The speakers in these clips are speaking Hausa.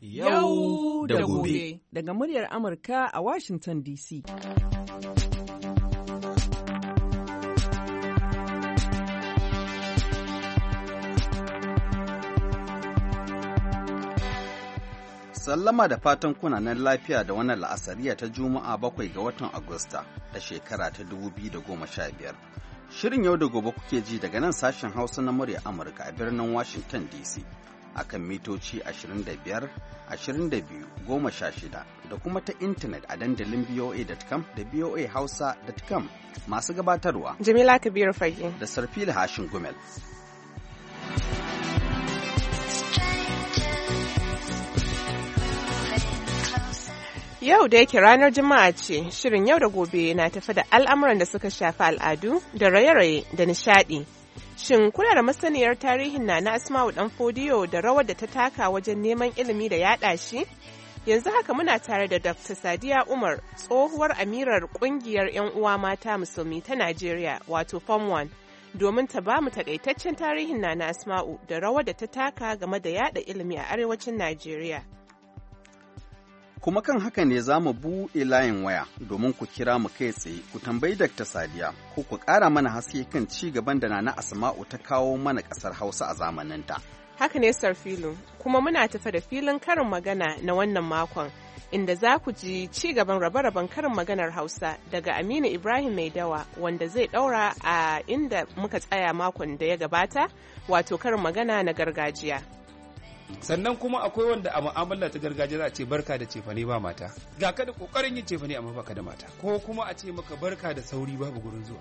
Yau da gobe. Daga muryar Amurka a Washington DC. Sallama da fatan kuna nan lafiya da wannan la'asariya ta Juma'a bakwai ga watan Agusta da shekara ta 2015. Shirin yau da gobe kuke ji daga nan sashen Hausa na murya Amurka a birnin Washington DC. akan mitoci 25, 22, 16 da kuma ta intanet a dandalin boa.com da boahausa.com masu gabatarwa. Jamila Kabiru Fage. Da Sarfila Hashin Gumel. Yau da yake ranar Juma'a ce, shirin yau da gobe na tafi da al'amuran da suka shafi al'adu da raye-raye da nishaɗi Shin kuna da masaniyar tarihin na na Asma'u Dan Fodiyo da rawar da ta taka wajen neman ilimi da yaɗa shi? Yanzu haka muna tare da Dr. Sadiya Umar, tsohuwar amirar ƙungiyar 'yan uwa mata musulmi ta Najeriya, wato Form 1, domin ta bamu takaitaccen tarihin na na Asma'u da rawar da ta taka game da yada ilimi a arewacin Najeriya. kuma kan haka ne za mu buɗe layin waya domin ku kira mu kai tsaye ku tambayi Dr. Sadiya ko ku ƙara mana haske kan ci gaban da Nana Asma'u ta kawo mana ƙasar Hausa a zamaninta. Haka ne Sir Filin kuma muna tafa da filin karin magana na wannan makon inda za ku ji ci gaban rabe-raben karin maganar Hausa daga Aminu Ibrahim Maidawa wanda zai ɗaura a inda muka tsaya makon da ya gabata wato karin magana na gargajiya. sannan kuma akwai wanda a mu'amala ta gargajiya za a ce barka da cefane ba mata ga ka da kokarin yin cefane amma baka da mata ko kuma a ce maka barka da sauri babu gurin zuwa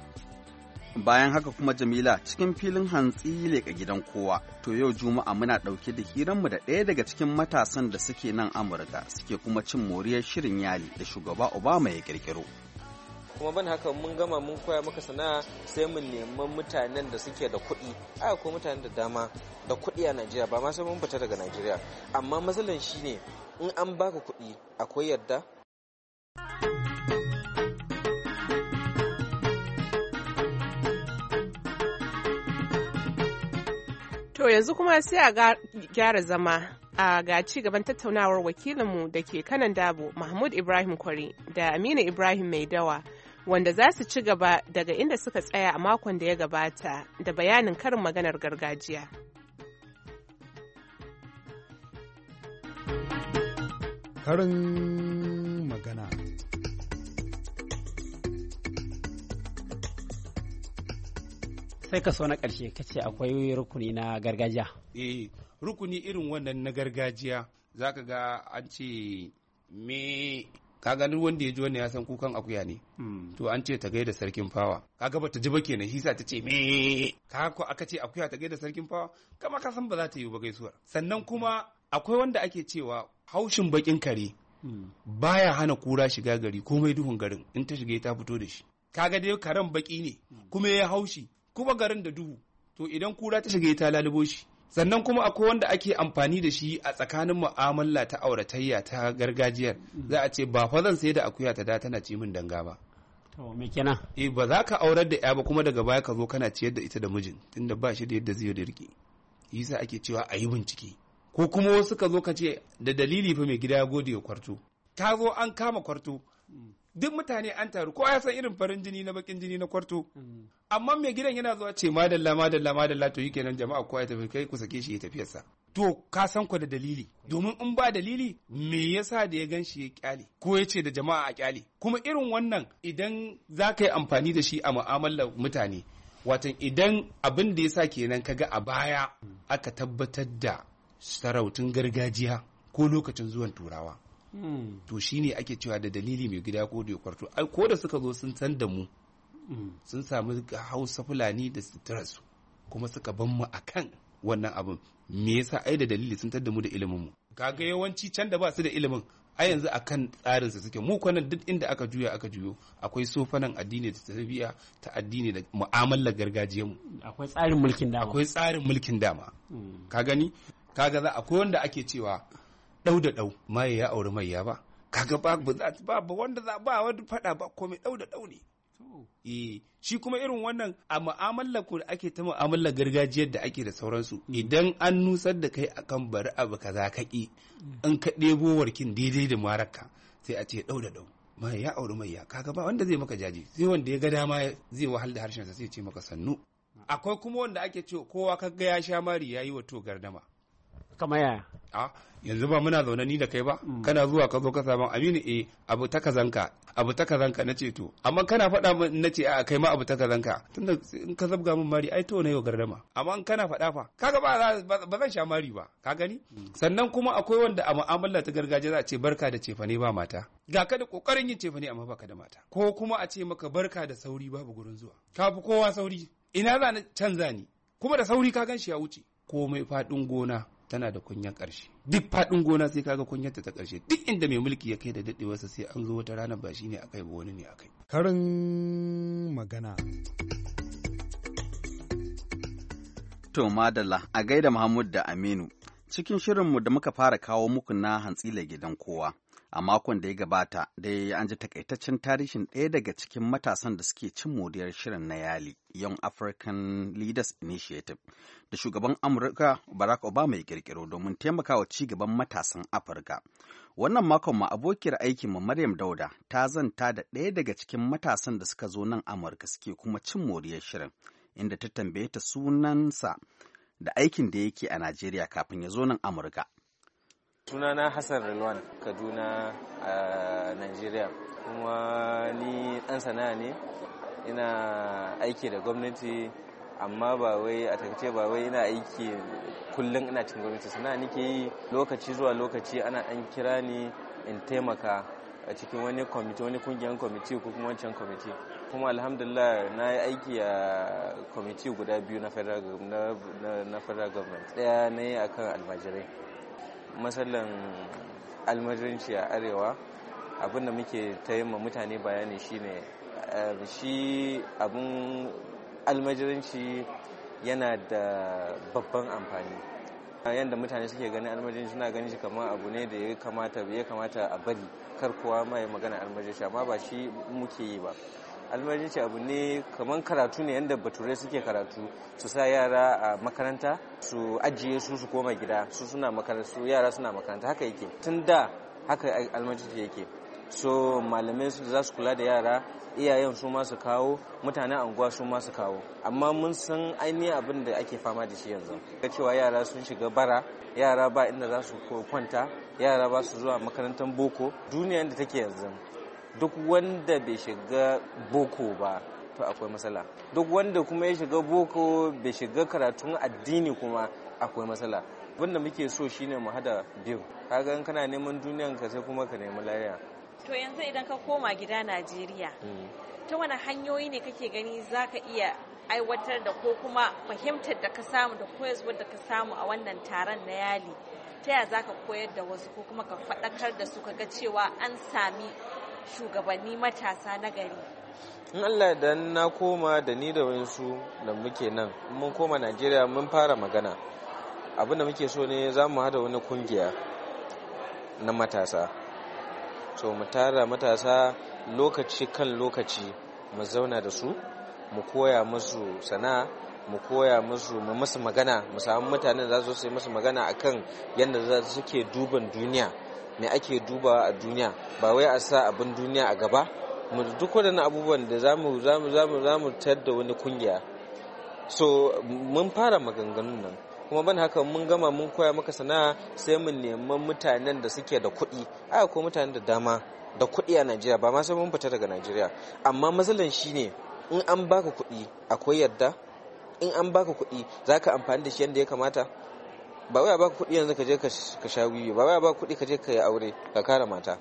bayan haka kuma jamila cikin filin hantsi leka gidan kowa to yau juma'a muna ɗauke da hiranmu da ɗaya daga cikin matasan da suke nan amurka suke kuma cin moriyar shirin yali da shugaba obama ya ƙirƙiro kuma ban haka mun gama mun koya maka sana'a sai mun neman mutanen da suke da kuɗi a ko mutanen da dama da kuɗi a Najeriya ba ma sai mun fita daga Najeriya amma matsalan shine in an baka kuɗi akwai yadda To yanzu kuma sai a gyara zama a ga ci gaban tattaunawar wakilinmu da ke kanan dabo Mahmud Ibrahim Kwari da Aminu Ibrahim Maidawa wanda za su ci gaba daga inda suka tsaya a makon da ya gabata da bayanin karin maganar gargajiya. Karin magana sai ka so na ƙarshe ka akwai rukuni na gargajiya. Eh, rukuni irin wannan na gargajiya za ka ga an ce me kaga duk wanda ya ji wannan ya san kukan akuya ne hmm. to an ce ta gaida sarkin fawa kaga bata ji ba kenan hisa ta ce me ka ko aka ce akuya ta gaida sarkin fawa kama ka san ba za ta yi ba gaisuwar sannan kuma akwai wanda ake cewa haushin bakin kare hmm. baya hana kura shiga gari komai duhun garin in ta shiga ta fito da shi kaga dai karen baki ne hmm. kuma ya haushi kuma garin da duhu to idan kura ta shiga ta lalubo shi sannan kuma akwai wanda ake amfani da shi a tsakanin mu'amala ta auratayya ta gargajiyar hmm. za a ce ba fa zan sai da akuya ta da tana ci min danga ba to me kenan eh ba za ka aurar da ya ba kuma daga baya ka zo kana ciyar da ita da mijin tunda ba shi da yadda zai rike yasa ake cewa ayi yi bincike ko kuma wasu ka zo ka ce da dalili fa mai gida ya gode ya kwarto ta zo an kama kwarto hmm. duk mutane an taru kowa ya san irin farin jini na bakin jini na kwarto mm. amma mai gidan yana zuwa ce madalla madalla madalla to nan jama'a kowa ya tafi kai ku sake shi ya tafiyarsa to ka san ku da dalili domin in ba dalili me yasa da ya ganshi ya kyale ko ya ce da jama'a a kyale kuma irin wannan idan za ka yi amfani da shi a mu'amalar mutane watan idan abin da ya sa kenan kaga a baya mm. aka tabbatar da sarautun gargajiya ko lokacin zuwan turawa Hmm. to shi ne ake cewa da dalili mai gida ko da kwarto ai ko da suka zo sun san da mu hmm. sun samu hausa fulani da suturarsu kuma suka ban mu akan wannan abin me yasa ai da dalili sun tadda mu da ilimin mu kaga yawanci can da ba su da ilimin a yanzu akan tsarin su suke mu kwana duk inda aka juya aka juyo akwai sofanan addini da tarbiyya ta addini da mu'amalar gargajiyar mu akwai tsarin mulkin dama akwai tsarin mulkin dama hmm. ka gani kaga za akwai wanda ake cewa ɗau da ɗau maye ya auri mai ya ba kaga ba ba ba wanda za ba wanda faɗa ba komai ɗau da ɗau ne eh shi kuma irin wannan a mu'amalar ku da ake ta mu'amalar gargajiyar da ake da sauransu mm. idan an nusar da kai akan bari abu kaza ka ki mm. in ka ɗebo warkin daidai da maraka sai a ce ɗau da ɗau mai ya auri mai ya kaga ba wanda zai maka jaji sai wanda ya ga dama zai wahal da harshen sa sai ce maka sannu mm. akwai kuma wanda ake cewa kowa kaga ya sha mari yayi wa to gardama kamar yaya a yanzu ba muna zaune ni da kai ba mm. kana zuwa ka zo ka samu aminu eh abu ta kazanka abu ta kazanka na ce to amma kana faɗa min na ce a kai ma abu ta kazanka tunda in ka zabga min mari ai to na yau gardama amma in kana faɗa fa kaga ba ba zan sha mari ba ka gani mm. sannan kuma akwai wanda a mu'amala ta gargajiya za a ce barka da cefane ba mata ga ka da kokarin yin cefane amma baka da mata ko kuma a ce maka barka da sauri babu gurin zuwa Kafi kowa sauri ina za na canza ni kuma da sauri ka gan shi ya wuce komai faɗin gona tana da kunyan ƙarshe duk faɗin gona sai kaga kunyanta ta ƙarshe duk inda mai mulki ya kai da daɗewarsa sai an zo wata rana ba shi ne akai ba wani ne akai karin magana to madalla a gaida Muhammad da Aminu cikin shirin mu da muka fara kawo muku na hantsi gidan kowa a makon da ya gabata dai an ji takaitaccen tarihin ɗaya daga cikin matasan da suke cin moriyar shirin na yali young african leaders initiative da shugaban amurka barack obama ya kirkiro domin taimakawa ci gaban matasan afirka wannan makon ma abokiyar aikinmu maryam dauda ta zanta da ɗaya daga cikin matasan da suka zo nan amurka suke kuma cin moriyar shirin inda ta tambaye ta sunansa da aikin da yake a najeriya kafin ya zo nan amurka sunana hassan rilwan kaduna a nigeria kuma ni dan sana'a ne ina aiki da gwamnati amma ba wai a takaice ba wai ina aiki kullum ina cikin gwamnati sana'a nake yi lokaci zuwa lokaci ana an kira ni in taimaka a cikin wani kwamiti wani kungiyar kwamiti ko kuma wancan kwamiti kuma alhamdulillah na yi aiki a kwamiti guda biyu na federal government daya na yi akan almajirai matsalan almajiranci a arewa abin da muke ta ma mutane bayani shine eh, shi abin almajiranci yana da babban amfani yadda mutane suke gani almajiranci suna gani shi kamar abu ne da ya kamata a bari kar kowa mai magana almajiranci amma ba shi muke yi ba almajirci abu ne kamar karatu ne yadda bature suke karatu su sa yara a makaranta su ajiye su su koma gida su suna makaranta su yara suna makaranta haka yake tun da haka almajirci yake so malamai su za su kula da yara iyayen su ma su kawo mutanen anguwa su ma su kawo amma mun san ainihin abin da ake fama da shi yanzu ga cewa yara sun shiga bara yara ba inda za su kwanta yara ba su zuwa makarantar boko duniyar da take yanzu duk wanda bai shiga boko ba to akwai matsala duk wanda kuma ya shiga boko bai shiga karatun addini kuma akwai matsala wanda muke so shine mu hada biyu kaga in kana neman duniyan ka sai kuma ka nemi lafiya to yanzu idan ka koma gida Najeriya mm. ta wani hanyoyi ne kake gani zaka iya aiwatar da ko kuma fahimtar da ka samu da koyarwar da ka samu a wannan taron na yali ta yaya za koyar da wasu ko kuma ka faɗakar da su ka ga cewa an sami shugabanni matasa na gari in allah da na koma da ni da wasu da muke nan mun koma najeriya mun fara magana abinda muke so ne za mu hada wani kungiya na matasa so mu tara matasa lokaci kan lokaci mu zauna da su mu koya musu sana'a mu koya musu mu musu magana mu samu mutanen za su yi musu magana akan yadda suke duban duniya ne ake dubawa a duniya ba wai a sa abin duniya a gaba mu duk waɗannan abubuwan da za mu za mu da wani kungiya so mun fara maganganu nan kuma ban haka mun gama mun koya maka sana'a sai mu neman mutanen da suke da kuɗi a ko mutanen da dama da kuɗi a Najeriya ba ma sai mun fita daga Najeriya amma matsalan shine in an baka kuɗi akwai yadda in an baka kuɗi za ka amfani da shi yadda ya kamata ba wai ba kuɗi yanzu ka je ka sha wiwi ba wai ba kuɗi ka je ka yi aure ka kara mata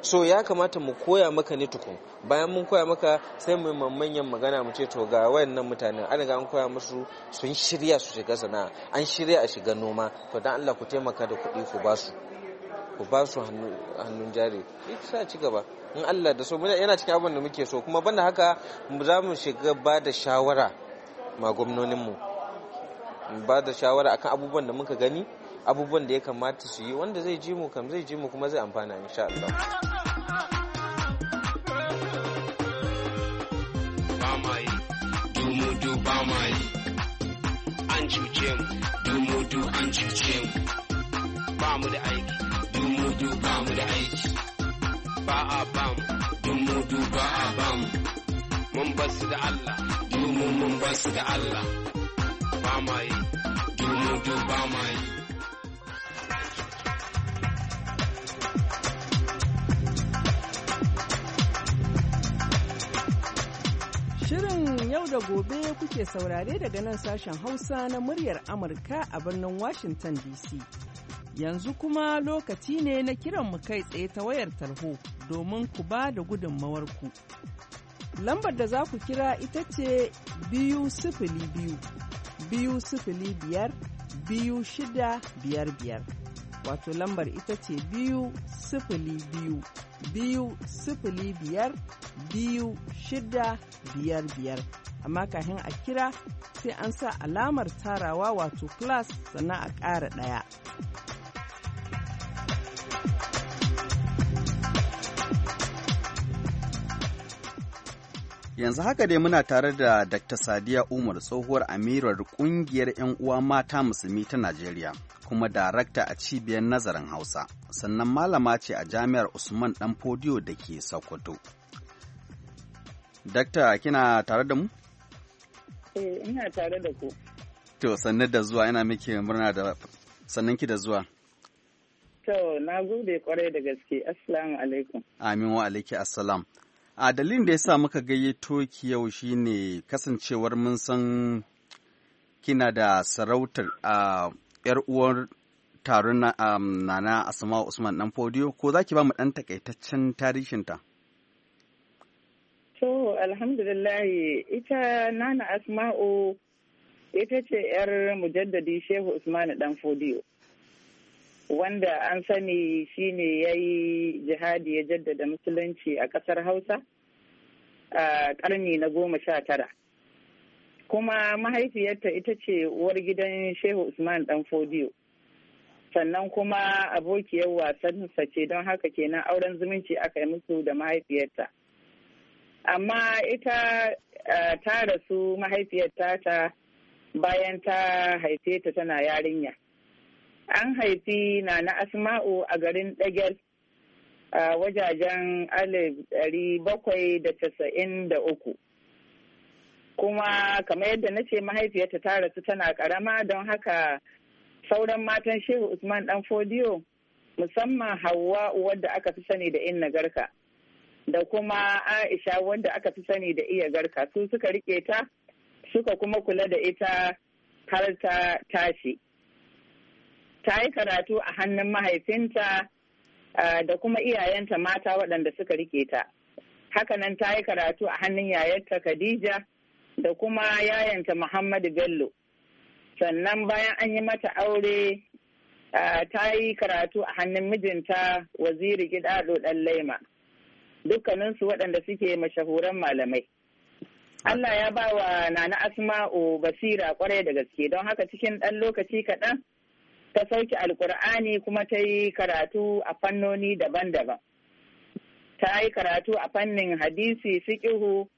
so ya kamata mu koya maka ne tukun bayan mun koya maka sai mu manyan magana mu ce to ga wayannan mutanen an ga an koya musu sun shirya su shiga sana'a an shirya a shiga noma to dan Allah ku taimaka da kuɗi ku ba su ku ba su hannun jari sa ci gaba in Allah da so yana cikin abin da muke so kuma banda haka za mu shiga ba da shawara ma mu. ba da shawara akan abubuwan da muka gani abubuwan da ya kamata su yi wanda zai ji mu kam zai ji mu kuma zai amfana insha Allah du ba mai an cuce mu du mu du an cuce mu ba mu da aiki du mu du ba mu da aiki ba a ba mu du mu du ba a ba mu mun basu da Allah dumu mun basu da Allah Shirin yau da gobe kuke saurare daga nan sashen Hausa na muryar Amurka a birnin Washington DC. Yanzu kuma lokaci ne na kiran mu kai tsaye ta wayar tarho domin ku ba da ku. Lambar da za ku kira ita ce biyu sifili biyu, biyu sifili biyar biyu shida biyar biyar wato lambar ita ce biyu sifili biyu biyu sifili biyar biyu shida biyar biyar amma kafin a kira sai an sa alamar tarawa wato class sannan a ƙara ɗaya. Yanzu haka dai muna tare da Dr. Sadiya Umar tsohuwar amirar kungiyar 'yan uwa mata musulmi ta Najeriya kuma darakta a cibiyar nazarin Hausa, sannan malama ce a jami'ar Usman Dan Fodiyo da ke Sokoto. Dakta kina tare da mu? Eh, ina tare da ku. To, sannu da zuwa ina miki murna da sannan ki da zuwa. To, na gode kwarai da gaske. Assalamu alaikum. Amin wa alaiki assalam. a dalilin da ya sa muka gayyato ki yau shine kasancewar mun san kina da sarautar a yar uwar taron nana Asma'u usman dan fodiyo ko za ki ba mu dan takaitaccen tarihinta to alhamdulillah ita nana asma'u ita ce yar mujaddadi shehu usman dan fodiyo wanda an sani shine ya yi jihadi ya jaddada musulunci a ƙasar hausa a karni na goma sha tara kuma mahaifiyarta ita ce uwar gidan shehu usman dan fodiyo sannan kuma abokiyar wasansa ce don haka kenan auren zumunci aka yi musu da mahaifiyarta amma ita ta rasu mahaifiyarta ta bayan ta haife ta tana yarinya An haifi na na Asma'u a garin Dagel a wajajen alif ɗari bakwai da casa'in da uku. Kuma kamar yadda na ce mahaifiyarta ta rasu tana karama don haka sauran matan Shehu Usman ɗan Fodiyo musamman Hauwa wadda aka fi sani da Inna Garka da kuma Aisha wadda aka fi sani da Iya Garka su suka rike ta suka kuma kula da ita har ta tashi. ta yi karatu a hannun mahaifinta da kuma iyayenta mata waɗanda suka rike ta hakanan ta yi karatu a hannun yayarta khadija da kuma yayanta muhammadu bello sannan bayan an yi mata aure ta yi karatu a hannun mijinta waziri gidado ɗan laima dukkaninsu waɗanda suke mashahuran malamai Allah ya ba wa Nana Asma'u basira kwarai da gaske don haka cikin ɗan lokaci kaɗan ta sauki alkur'ani kuma ta yi karatu a fannoni daban-daban ta yi karatu a fannin hadisi fiƙihu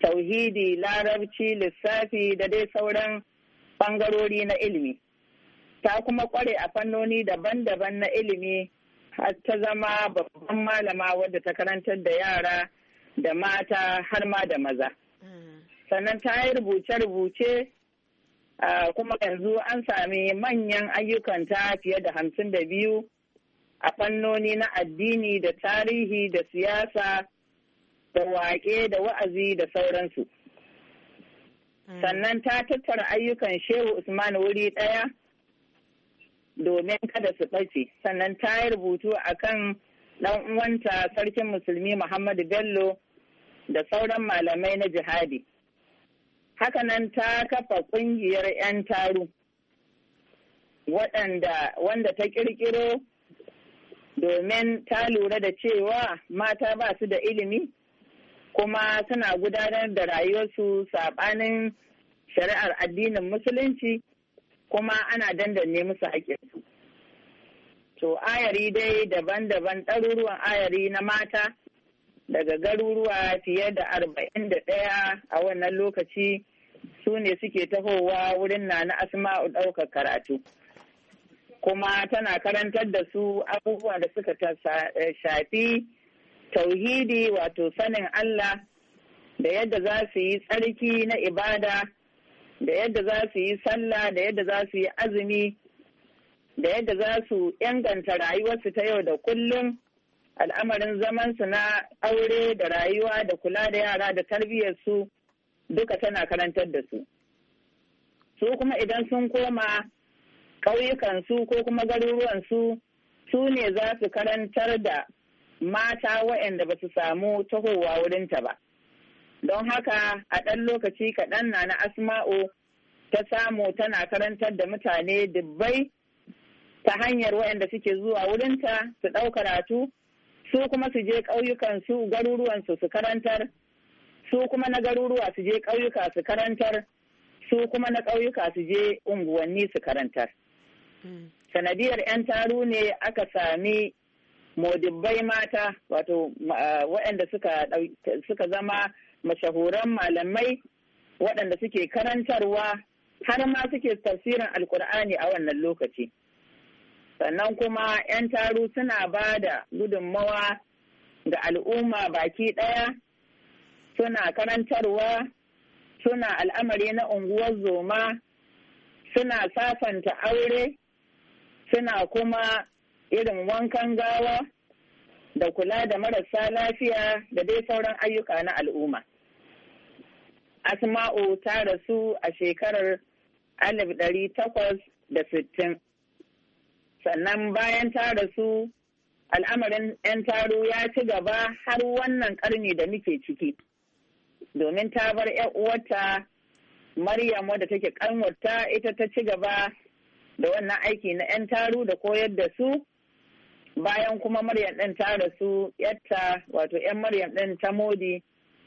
tauhidi larabci lissafi da dai sauran ɓangarori na ilimi ta kuma ƙware a fannoni daban-daban na ilimi har ta zama babban malama wadda ta karantar da yara da mata har ma da maza mm. sannan ta yi rubuce-rubuce Ah, kuma yanzu an sami manyan ayyukan ta fiye da hamsin da biyu a fannoni na addini da tarihi da siyasa da waƙe da wa'azi da sauransu. Mm. Sannan ta tattara ayyukan Shehu Usman wuri ɗaya domin kada su ɓace. Sannan ta yi rubutu a kan uwanta sarkin musulmi Muhammadu Bello da sauran malamai na jihadi. Haka nan ta kafa ƙungiyar 'yan taru waɗanda wanda ta ƙirƙiro domin ta lura da cewa mata ba su da ilimi kuma suna gudanar da rayuwarsu saɓanin shari'ar addinin musulunci kuma ana dandanne musu haƙƙinsu. To ayari dai daban-daban ɗaruruwan ayari na mata daga garuruwa fiye da arba'in da ɗaya a wannan lokaci su ne suke tahowa wurin na na asma'u ɗaukar karatu kuma tana karantar da su abubuwan da suka eh, shafi tauhidi wato sanin Allah da yadda za su yi tsarki na ibada da yadda za su yi sallah da yadda za su yi azumi da yadda za su inganta rayuwarsu ta yau da kullum al'amarin zamansu na aure da rayuwa da kula da yara da tarbiyyarsu duka tana karantar da su. Su kuma idan sun koma ƙauyukansu ko kuma garuruwansu su ne za su karantar da mata waɗanda ba su samu tahowa wurinta ba. Don haka a ɗan lokaci kaɗan na na asma'u ta samu tana karantar da mutane dubbai ta hanyar waɗanda suke zuwa wurinta su ɗau karatu su kuma su je ƙauyukan su garuruwan su karantar su kuma na garuruwa su je ƙauyuka su karantar su kuma na ƙauyuka su je unguwanni su karantar mm. sanadiyar 'yan taru ne aka sami modibbai mata wato ah, waɗanda suka zama mashahuran malamai waɗanda suke karantarwa har ma suke tafsirin alkur'ani a wannan lokaci. sannan kuma 'yan taru suna ba da gudunmawa ga al'umma baki ɗaya suna karantarwa suna al'amari na unguwar zoma suna safanta aure suna kuma irin wankan gawa da kula da marasa lafiya da dai sauran ayyuka na al'umma asma'u ta rasu a shekarar alif ɗari takwas da sittin sannan bayan ta rasu al'amarin 'yan taro ya ci gaba har wannan karni da muke ciki domin ta bar 'yan uwarta maryam wadda take kanwarta ita ta ci gaba da wannan aiki na 'yan taro da koyar da su bayan kuma maryam ɗin ta rasu yatta wato 'yan maryam ɗin ta modi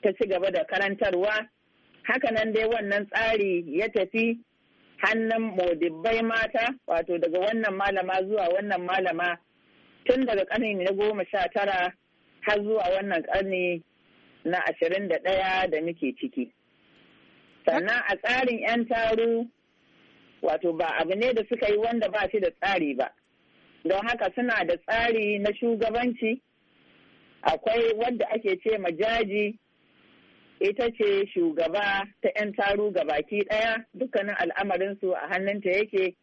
ta ci gaba da karantarwa hakanan dai wannan tsari ya tafi hannun modibbai mata wato daga wannan malama zuwa wannan malama tun daga ƙarni na goma sha tara har zuwa wannan ƙarni na ashirin da ɗaya da muke ciki sannan a tsarin 'yan taru wato ba abu ne da suka yi wanda ba shi da tsari ba don haka suna da tsari na shugabanci akwai wanda ake ce majaji ita ce shugaba ta 'yan taru baki ɗaya dukkanin al'amarinsu a hannunta yake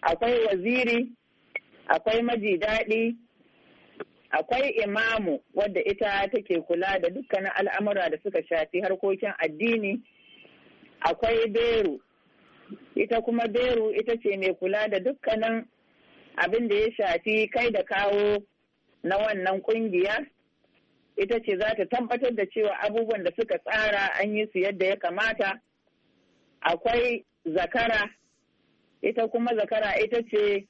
akwai waziri akwai maji daɗi akwai imamu wadda ita take kula da dukkanin al'amura da suka shafi harkokin addini akwai beru ita kuma beru ita ce mai kula da dukkanin abin da ya shafi kai da kawo na wannan kungiya ita ce za ta tabbatar da cewa abubuwan da suka tsara an yi su yadda ya kamata akwai zakara ita kuma zakara ita ce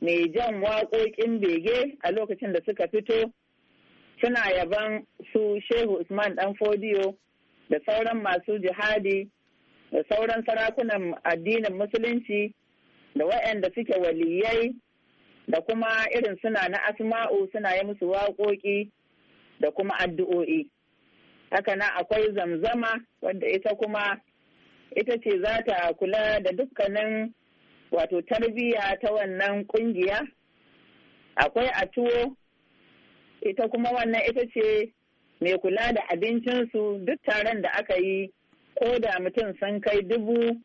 mai jan waƙoƙin bege a lokacin da suka fito suna yaban su shehu usman dan fodiyo da sauran masu jihadi da sauran sarakunan addinin musulunci da waɗanda suke waliyai da kuma irin suna na asma'u suna yi musu waƙoƙi da kuma addu'o'i haka na akwai zamzama wadda ita kuma ita ce za ta kula da dukkanin wato tarbiyya ta wannan kungiya akwai atuwo ita kuma wannan ita ce mai kula da abincinsu duk taron da aka yi ko da mutum sun kai dubu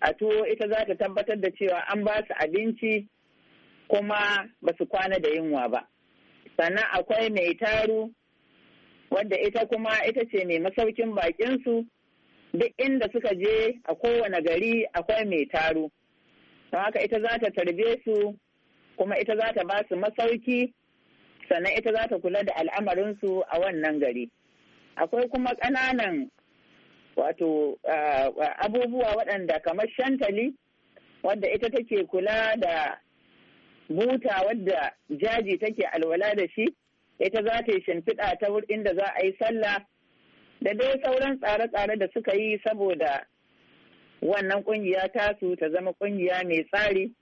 a tuwo ita za ta tabbatar da cewa an ba su abinci kuma ba su kwana da yunwa ba sannan akwai mai taru wadda ita kuma ita ce mai masaukin bakinsu duk inda suka je a kowane gari akwai mai taru, don haka ita za ta tarbe su kuma ita za ta ba su masauki sannan ita za ta kula da al'amarinsu a wannan gari akwai kuma ƙananan wato ah, abubuwa waɗanda kamar shantali wadda ita take kula da buta wadda jaji take alwala da shi ita za ta yi shimfiɗa ta wurin da za a yi sallah da dai sauran tsare-tsare da suka yi saboda wannan kungiya tasu ta zama ƙungiya mai tsari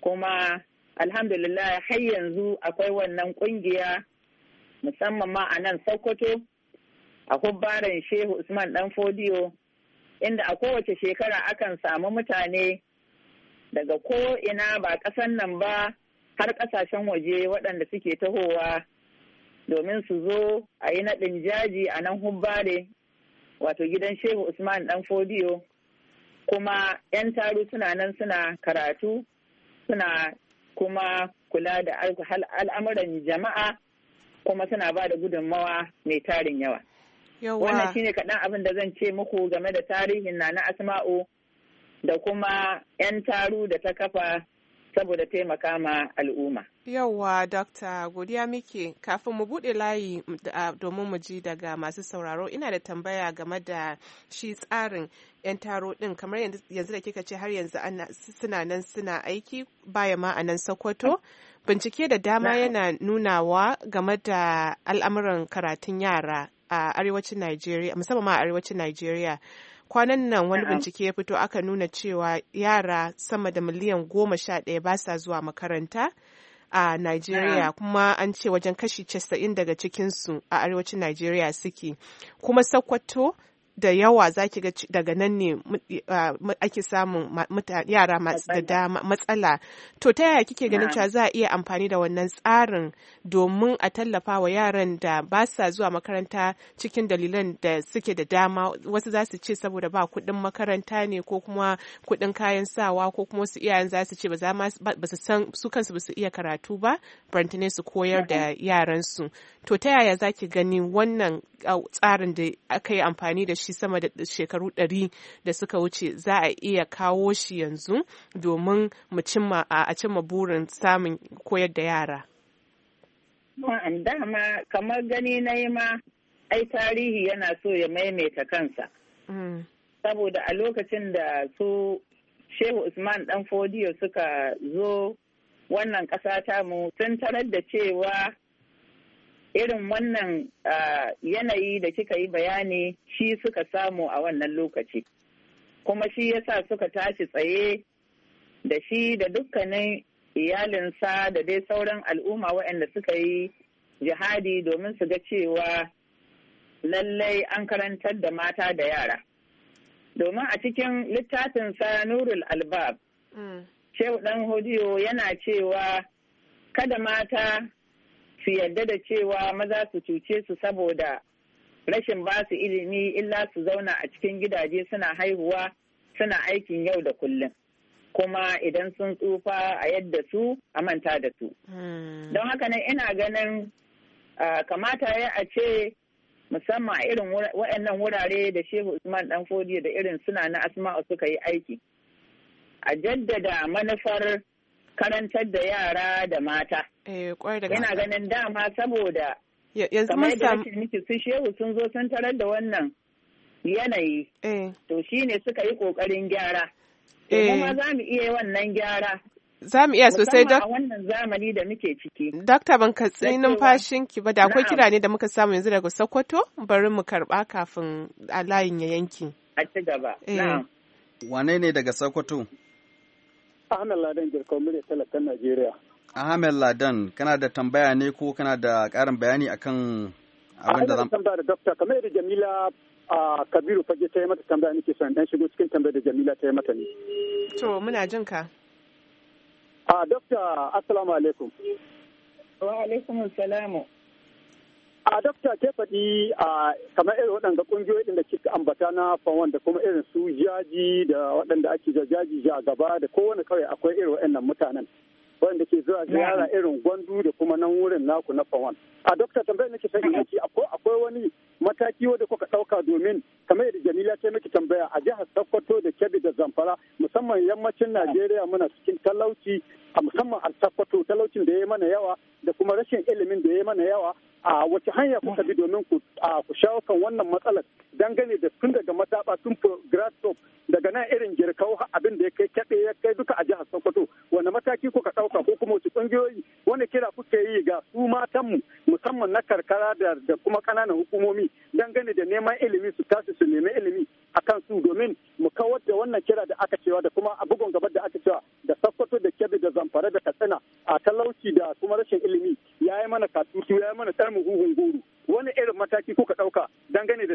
kuma alhamdulillah har yanzu akwai wannan ƙungiya musamman ma a nan sokoto a hubbaren shehu usman dan fodiyo inda a kowace shekara akan samu mutane daga ko ina ba ƙasan nan ba har ƙasashen waje waɗanda suke tahowa domin su zo a yi naɗin jaji a nan hubbare wato gidan shehu usman dan fodiyo kuma 'yan taru suna nan suna karatu suna kuma kula da al'amuran jama'a kuma suna ba da gudunmawa mai tarin yawa wannan shine kaɗan abin da zan ce muku game da tarihin na na asma'u da kuma 'yan taru da ta kafa saboda taimaka ma al'umma. Yawwa, Dokta, godiya muke kafin mu buɗe layi domin mu ji daga masu sauraro ina da tambaya game da shi tsarin 'yan taro ɗin kamar yanzu da kika ce har yanzu suna nan suna aiki baya ma a nan Sokoto. Bincike da dama yana nunawa game da al'amuran karatun yara a arewacin Najeriya, musamman a arewacin Najeriya. kwanan nan wani bincike ya fito aka nuna cewa yara sama da miliyan goma sha ɗaya ba sa zuwa makaranta a Najeriya kuma an ce wajen kashi casa'in daga cikinsu a arewacin Najeriya suke kuma Sokoto da yawa za ki ga daga nan ne ake samun yara masu da matsala to ta yaya kike ganin cewa za a iya amfani da wannan tsarin domin a tallafa wa yaran da ba sa zuwa makaranta cikin dalilan da suke da dama wasu za su ce saboda ba kuɗin makaranta ne ko kuma kuɗin kayan sawa ko kuma wasu iyayen za su ce ba ba su san su kansu ba su iya karatu ba barantane su koyar da yaransu to ta yaya za ki gani wannan tsarin da aka yi amfani da shi shi sama da shekaru ɗari da suka wuce za a iya kawo shi yanzu domin mu cimma a cimma burin samun koyar da yara. dama kamar gani na yi ma ai tarihi yana so ya maimaita kansa. Mm. Saboda a lokacin da su Shehu Usman Dan Fodiyo suka zo wannan ƙasa mu sun tarar da cewa irin wannan yanayi da kika yi bayani shi suka samu a wannan lokaci kuma shi yasa suka tashi tsaye da shi da dukkanin iyalinsa da dai sauran al'umma waɗanda suka yi jihadi domin su ga cewa lallai an karantar da mata da yara domin a cikin littafinsa nurul albab mm. shehu ɗan hodiyo yana cewa kada mata su yadda da cewa maza su cuce su saboda rashin ba su ilimi illa su zauna a cikin gidaje suna haihuwa suna aikin yau da kullum kuma idan sun tsufa a yadda su a manta da su hmm. don haka nan ina ganin kamata ya a ce musamman a irin waɗannan wurare da shehu usman dan fodiyo da irin suna na asma'u suka yi aiki a jaddada manufar karantar da yara da mata. Yana eh, ganin dama saboda kamar da miki su shehu sun zo sun tarar da wannan yanayi. Eh. To shi ne suka yi ƙoƙarin gyara. Kuma eh. za mu iya wannan gyara. Za mu iya sosai da a wannan zamani da muke ciki. Dokta ban katsi ki ba da akwai kira ne da muka samu yanzu daga Sokoto bari mu karɓa kafin a layin ya yanki. A ci gaba. Wane ne daga Sokoto? Ahmed Laden Jirkon Murya Talatan Najeriya. Ahmed Laden, kana da tambaya ne ko kana da ƙarin bayani akan abin da zan tambaya da dokta kamar yadda Jamila a Kabiru fage ta yi mata tambaya nake son dan shigo cikin tambaya da Jamila ta yi mata ne. To muna jin ka. A dokta assalamu alaikum. Wa alaikum salamu. a dokta ta faɗi a kamar irin waɗanda ƙungiyoyi da kika ambata na fawon da kuma irin su jaji da waɗanda ake da jaji ja gaba da kowane kawai akwai irin waɗannan mutanen wanda ke zuwa ziyara irin gwandu da kuma nan wurin naku na fawon a dokta tambayar nake son in akwai wani mataki wanda kuka ɗauka domin kamar yadda jamila ta miki tambaya a jihar sokoto da kebbi da zamfara musamman yammacin najeriya muna cikin talauci a musamman a sokoto talaucin da ya mana yawa da kuma rashin ilimin da ya yi mana yawa a wace hanya kuka bi domin ku shawo kan wannan matsalar dangane da tun daga mataba tun grassroots daga nan irin girkau abin da ya kai kebe ya kai duka su matanmu musamman na karkara da kuma kananan hukumomi dangane da neman ilimi su tashi su nemi ilimi a kan su domin mu kawar da wannan kira da aka cewa da kuma a bugun gaba da aka cewa da sakkwato da kebe da zamfara da katsina a talauci da kuma rashin ilimi ya yi mana katutu ya yi mana tsarmu huhun goro wani irin mataki kuka ɗauka dangane da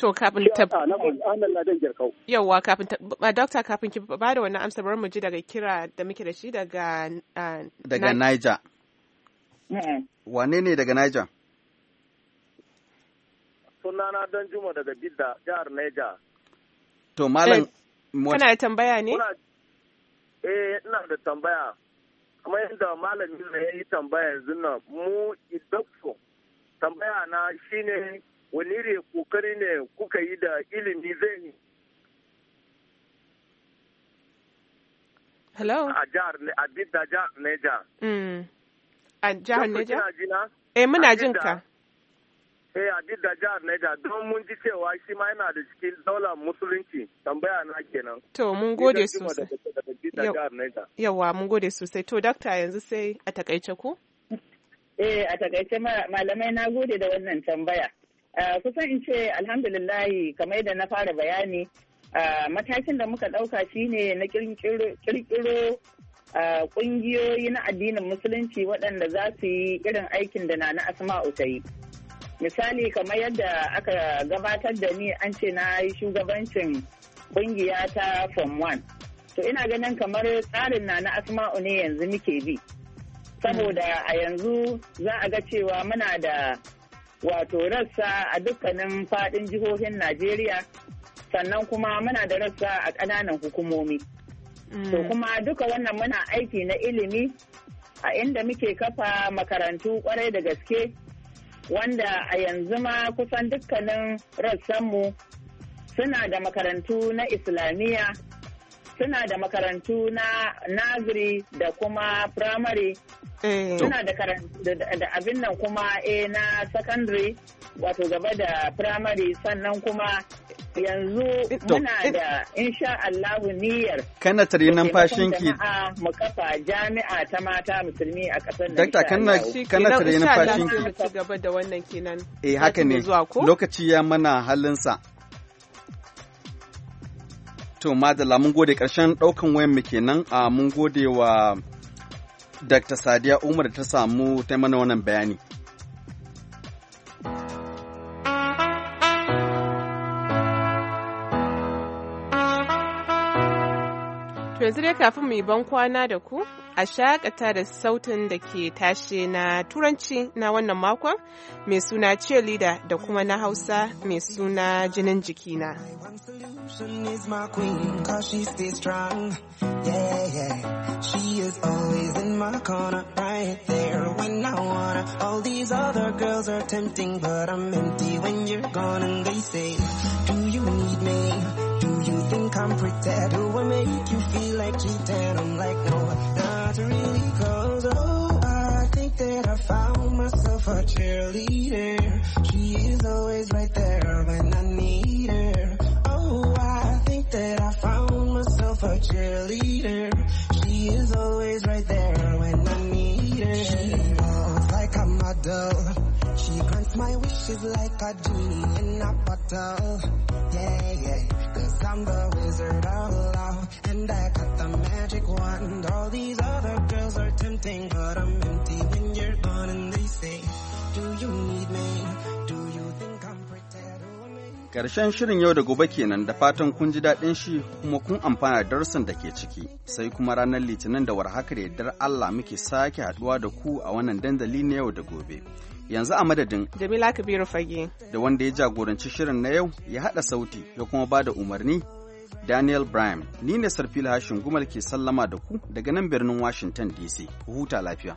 To kafin ta Yauwa kafin ta dokta kafin ki ba da wannan amsa bari mu ji daga kira da muke da shi daga ah, daga Niger. Mm-hmm. Wane ne daga Niger? Sunana Dan Juma daga Bidda, jihar Niger. To malam eh, kana da tambaya ne? Eh ina da tambaya. Kuma yadda malamin ya yi tambaya yanzu nan mu idakso tambaya na shine wani ne kokari ne kuka yi da ilimi zai Hello? A jihar a da jihar Neja. Mm. A jihar Neja? Eh muna jin ka. Eh a da jihar Neja don mun ji cewa shi ma yana da cikin daular musulunci tambaya na kenan. To mun gode sosai. Yawa mun gode sosai. To dakta yanzu sai a takaice ku? Eh a takaice malamai na gode da wannan tambaya. Eh, kusan in ce alhamdulillahi kamar yadda na fara bayani eh, matakin da muka ɗauka shine na kirkiro eh, ƙungiyoyi na addinin musulunci waɗanda za su yi irin aikin da na na asma'u ta yi misali kamar yadda aka gabatar da ni an ce na yi shugabancin ƙungiya ta form 1 to ina ganin kamar tsarin na na asma'u ne yanzu muke bi saboda a yanzu za a ga cewa muna da wato rassa a dukkanin fadin jihohin Najeriya sannan kuma muna da rassa a ƙananan hukumomi. To mm. kuma duka wannan muna aiki na ilimi a inda muke kafa makarantu kwarai da gaske wanda a yanzu ma kusan dukkanin rassanmu suna da makarantu na Islamiyya. suna da makarantu na naziri da kuma firamare Suna eh. da abin nan kuma eh na secondary wato gaba da primary sannan kuma yanzu muna eh. da insha Allah niyyar kana tare numfashinki mu kafa jami'a ta mata musulmi a kasar nan dakta kana kana tare numfashinki ci gaba da wannan kenan eh haka ne lokaci ya mana halinsa to madalla mun gode karshen daukan wayan mu kenan a ah, mun gode wa Dr. Sadiya Umar ta samu ta mana wannan bayani. dai kafin mu yi ban kwana da ku a shakata da sautin da ke tashe na turanci na wannan makon mai suna cheerleader da kuma na hausa mai suna jinin jikina. think I'm pretend? Do I make you feel like cheating? I'm like, no, not really, cause oh, I think that I found myself a cheerleader. She is always right there when I need her. Oh, I think that I found myself a cheerleader. She is always right there when I need her. She walks like a model. She grants my wishes like a genie in a bottle. Yeah, yeah. Cause I'm the wizard of love And I got the magic wand All these other girls are tempting But I'm empty when you're gone And they say, do you need me? Do you think I'm Ƙarshen shirin yau da gobe kenan da fatan kun ji daɗin shi kuma kun amfana darsin da ke ciki sai kuma ranar litinin da warhaka da yardar Allah muke sake haɗuwa da ku a wannan dandali na yau da gobe. yanzu a madadin jamila kabiru fage da wanda ya jagoranci shirin na yau ya haɗa sauti ya kuma ba da umarni daniel bryan ni ne sarfila hashin gumal ke sallama da ku daga nan birnin washington dc huta lafiya